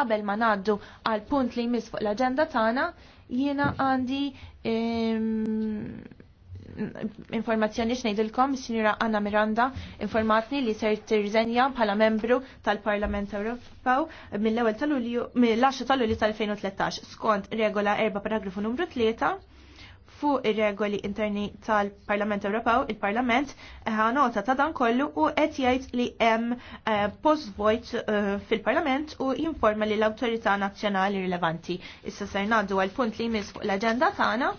qabel ma ngħaddu għal punt li jmiss fuq l-aġenda tagħna, jiena għandi ehm, informazzjoni is sinjura Anna Miranda, informatni li ser tirżenja bħala membru tal-Parlament Ewropew mill-ewwel tal-Ulju mill-10 tal-Ulju tal-2013 skont regola 4 paragrafu numru 3 fuq ir-regoli interni tal-Parlament Ewropew, il-Parlament eh, ħa nota ta' dan kollu u qed jgħid li hemm eh, post vojt eh, fil-Parlament u jinforma li l-awtorità nazzjonali rilevanti. Issa ser ngħaddu għal punt li jmiss fuq l-aġenda tagħna.